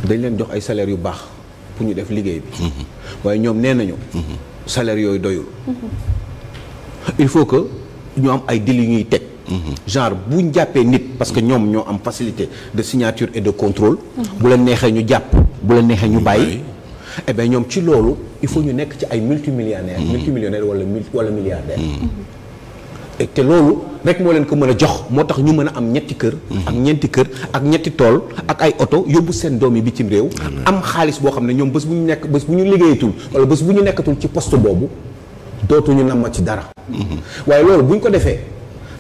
dañ leen jox ay salaires yu baax pour ñu def liggéey bi. waaye ñoom nee nañu. salaire yooyu doyul. il faut que ñoo am ay dil yu ñuy teg. genre bu ñu jàppee nit parce que ñoom ñoo am facilité de signature et de contrôle bu leen neexee ñu jàpp bu leen neexee ñu bàyyi eh ñoom ci loolu il faut ñu nekk ci ay multimillionnaires mm-hmm. multimillionnaires wala wala milliardaires mm-hmm. te loolu rek moo leen ko mën a jox moo tax ñu mën a am ñetti kër mm-hmm. ak ñeenti kër ak ñetti tool ak ay oto yóbbu seen doom yi bitim réew ah, am xaalis boo xam ne ñoom bés bu ñu nekk bés bu ñu liggéeyatul wala bés bu ñu nekkatul ci poste boobu dootuñu namm ci dara loolu bu ñu ko defee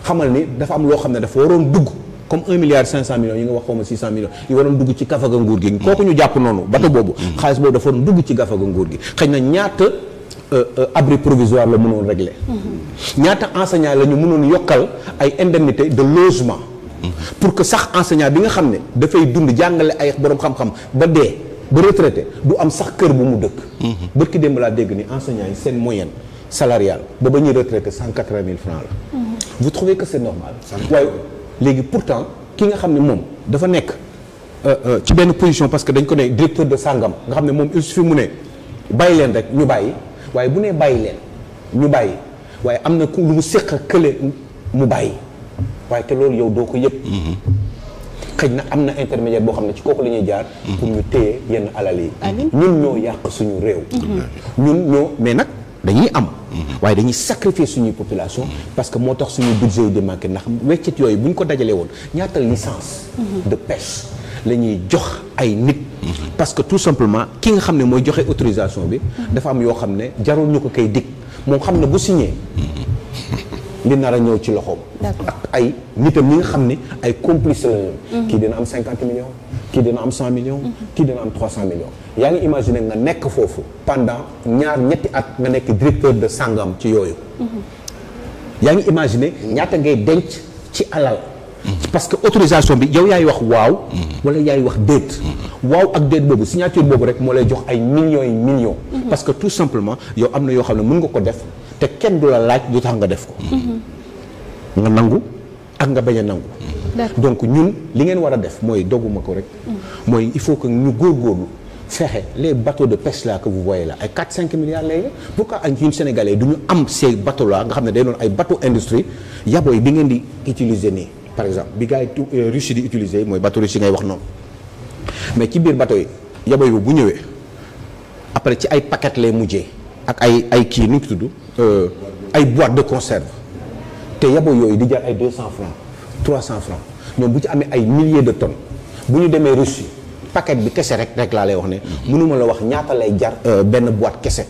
xamal ni dafa am loo xam ne dafa waroon dugg comme 1 milliard 500 millions yi nga wax xaw ma 600 millions yi waroon dugg ci gafaga nguur gi. kooku ñu jàpp noonu bato boobu. xaalis boobu dafa waroon dugg ci gafaga nguur gi xëy na ñaata euh, euh, abri provisoire la mënoon régler. ñaata enseignant la ñu mënoon yokkal ay indemnité de logement. pour que sax enseignant bi nga xam ne dafay dund jàngale ay boroom xam-xam ba dee ba retraité du am sax kër bu mu dëkk. bët ki laa dégg ni enseignant yi seen moyenne salariale ba ba ñuy retraité 180 000 francs la. vous trouvez que c'est normal waaye léegi pourtant ki nga xam ne moom dafa nekk euh, euh, ci benn position parce que dañ ko ne directeur de sàngam nga xam ne moom il suffit mu ne bàyyi leen rek ñu bàyyi waaye bu ne bàyyi leen ñu bàyyi waaye am na ku lu mu séq a kële mu bàyyi waaye te loolu yow doo ko yëpp mhm. xëy na am na intermédiaire boo xam ne ci kooku la ñuy jaar pour mhm. ñu téye yenn alal yi ñun ñoo yàq suñu réew mhm. ñun ñoo mais nag dañuy am. Mhm. waaye dañuy sacrifier suñuy population. Mhm. parce que moo tax suñu budget yi di manqué ndax weccet yooyu bu ñu ko dajalee woon ñaata licence. Mhm. de pêche la ñuy jox ay nit. parce que tout simplement ki nga xam ne mooy joxe autorisation bi. dafa am yoo xam ne jarul ñu ko kay dikk moom xam ne bu signé. li nar a ñëw ci loxoom. ak ay nitam ñi nga xam ne ay complice la kii dina am 50 millions. kii dina am 100 millions. kii dina am 300 millions. yaa ngi imaginer nga nekk foofu pendant ñaar ñetti at nga nekk directeur de sangam ci yooyu. yaa ngi imaginer ñaata ngay denc ci alal. parce que autorisation bi yow yaay wax waaw. wala yaay wax déet. waaw ak déet boobu signature boobu rek moo lay jox ay millions yi millions. parce que tout simplement yow am na yoo xam ne mën nga ko def te kenn du la laaj du tax nga def ko. nga nangu ak nga bañ a nangu. donc ñun li ngeen war a def mooy dogguma ko rek. mooy il faut que ñu góorgóorlu. fexe les bateaux de pêche là que vous la là ay 4 5 milliards léegi pourquoi ak ñun sénégalais du ñu am ces bateaux là nga xam ne day doon ay bateau industrie yabooy bi ngeen di utiliser nii par exemple bi gars yi euh, Russie di utiliser mooy bateau Russie ngay wax noonu mais ci biir bateau yi yabooy bu bu ñëwee après ci ay paquet lay mujjee ak ay ay kii nu tudd euh, ay boîte de conserve te yabooy yooyu di jar ay 200 francs 300 francs ñoom bu ci amee ay milliers de tonnes bu ñu demee Russie paquet bi kese rek rek laa lay wax ne mënuma la wax ñaata lay jar euh, benn boîte kese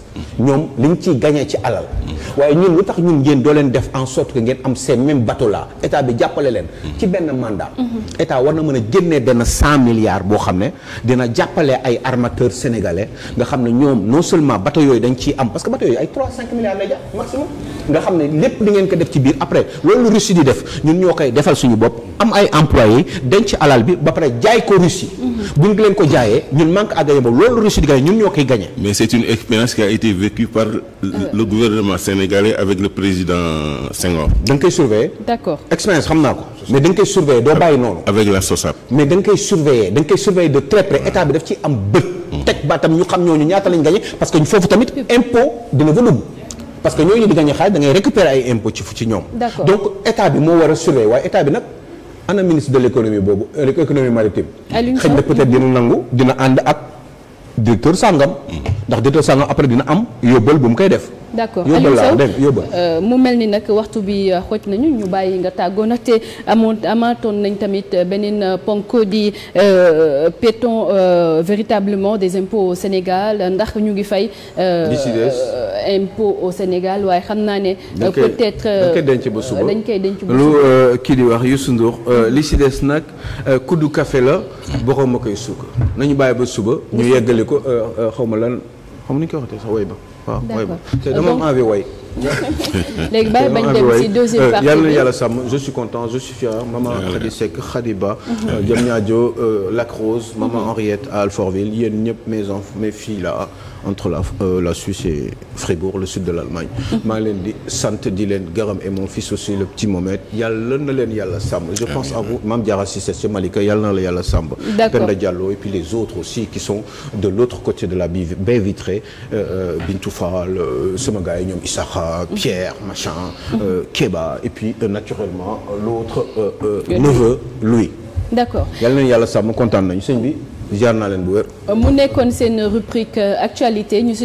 ñoom liñ ciy gañee ci alal waaye ñun lu tax ñun ngeen doo leen def en sot que ngeen am ces mêmes bateaux là état bi jàppale leen ci benn mandat état war na mën a génnee benn cent milliards boo xam ne dina jàppale ay armateurs sénégalais nga xam ne ñoom non seulement bateaux yooyu dañ ci am parce que bateaux yooyu ay 3 5 milliards lay jar maximum nga xam ne lépp di ngeen ko def ci biir après loolu Russie di def ñun ñoo koy defal suñu bopp am ay employés denc alal bi ba pare jaay ko Russie mm-hmm. ngi leen ko jaayee ñun manque à gagner boobu loolu réussite gagner ñun ñoo koy gagner. mais c'est une expérience qui a été vécue par le euh. gouvernement sénégalais avec le président Senghor. da koy surveiller. d'accord expérience xam naa ko. mais da koy surveiller doo bàyyi noonu. avec la SOSAP. mais da koy surveiller de très près état bi daf ci am bët. Mm. teg baatam ñu xam ñooñu ñaata lañ gagner parce que foofu tamit impôt dina fa dugg. parce que ana ministre de l' économie boobu euh, économie maritime. xëy na peut-être dina nangu dina ànd ak directeur sàngam. Mm. ndax directeur sàngam après dina am yóbbal bu mu koy def. d' accord Aliou Sow euh, mu mel ni nag waxtu bi euh, xooj nañu ñu bàyyi nga tàggoon nag te amoon amaatoon nañ tamit euh, beneen ponk di peton véritablement des impôts au Sénégal ndax ñu ngi fay. impôt au Sénégal waaye xam naa ne. peut-être dañ koy denc ba suba dañ koy denc ba suba lu kii di wax Youssou Ndour li si des nag kuddu kafe la borom ma koy suuk nañu bàyyi ba suba. ñu yeggale ko xaw ma lan xaw ma ni ñu koy waxatee sax woy ba. waaw mooy te dama am envie way léegi bàyyi bañ dem ci deuxième partie yàlla na yàlla sàmm je suis content je suis fier maman Khady Seck Khadiba Diamniadio euh, Lac Rose maman Henriette à Alfortville yéen ñëpp mes enfants mes filles là entre la euh, la Suisse et Fribourg le sud de l'Allemagne. Mm-hmm. maa ngi leen di sant di leen gërëm et mon fils aussi le petit Mohamed yàlla na leen yàlla sàmm. je pense à vous Mame Diarra Cissé c'est Malika yàlla na la yàlla sàmm. d'accord Penda Diallo et puis les autres aussi qui sont de l'autre côté de la baie vitrée euh, euh Bintou Fall euh, sama gars yi ñoom Issakha mm-hmm. Pierre machin. Euh, mm-hmm. Kéba et puis naturellement l'autre neveu Louis. d'accord yàlla na yàlla sàmm kontaan nañu sëñ bi. jaar naa leen bu wér. mu nekkoon seen rubrique euh, actualité